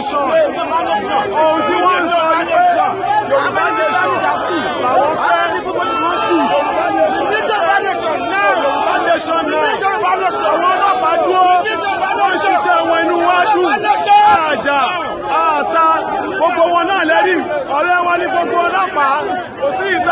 nation ohun tí wọ́n ń sọ ni pé yorùbá nation làwọn fẹ́ wọ́n kù yorùbá nation náà yorùbá nation náà àwọn ọlọ́pàá dúró wọ́n ṣiṣẹ́ wọn inú wa dùn àjà àta gbogbo wọn náà lẹ́rìí ọ̀rẹ́ wọn ní gbogbo ọlọ́pàá kò sí ìta.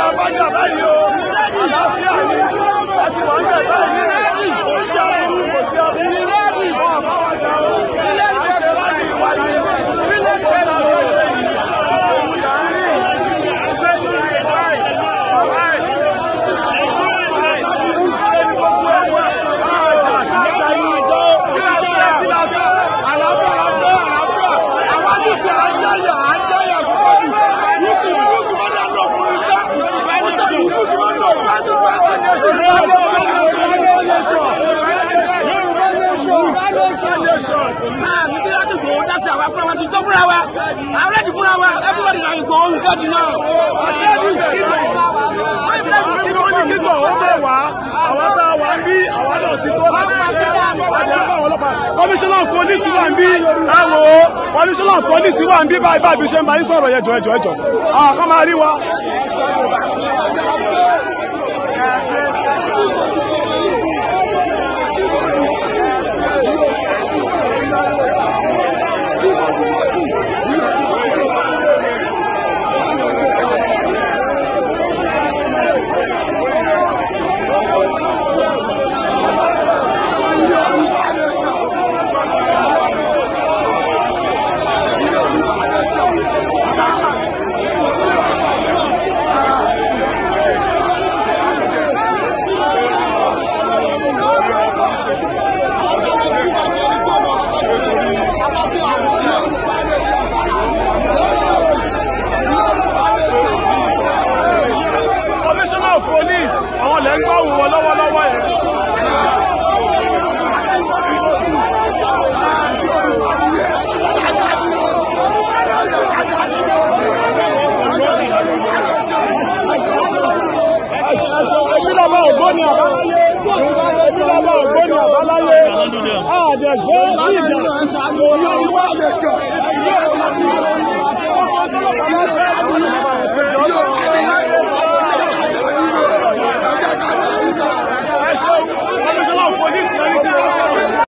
àmì ah, bí láti gbòó dáṣẹ àwọn afúnra wa ti tó fúnra wa àwọn láti fúnra wa everybody na ìgbòho nǹkan jù náà. àtẹ́bí kíkọ̀ àtẹ́bí kíkọ̀ ní kíkọ̀ ó fẹ́ wá àwa tá a wá ń bí àwa náà ti tó láti ṣe àti àwọn ọlọ́pàá. kọmíṣánná pólísì wà ń bí ẹ̀wò kọmíṣánná pólísì wà ń bí báyìí báyìí bí ṣe ń bá yín sọ̀rọ̀ yẹn jọ̀ẹ́jọ̀ẹ́jọ̀ àwọn ah, kan máa rí wa. bàbá ògbóni àbáláyé èmi bàbá ògbóni àbáláyé àdẹ̀gbẹ́ ìjà òyìnbó àlejò ìlú ọ̀la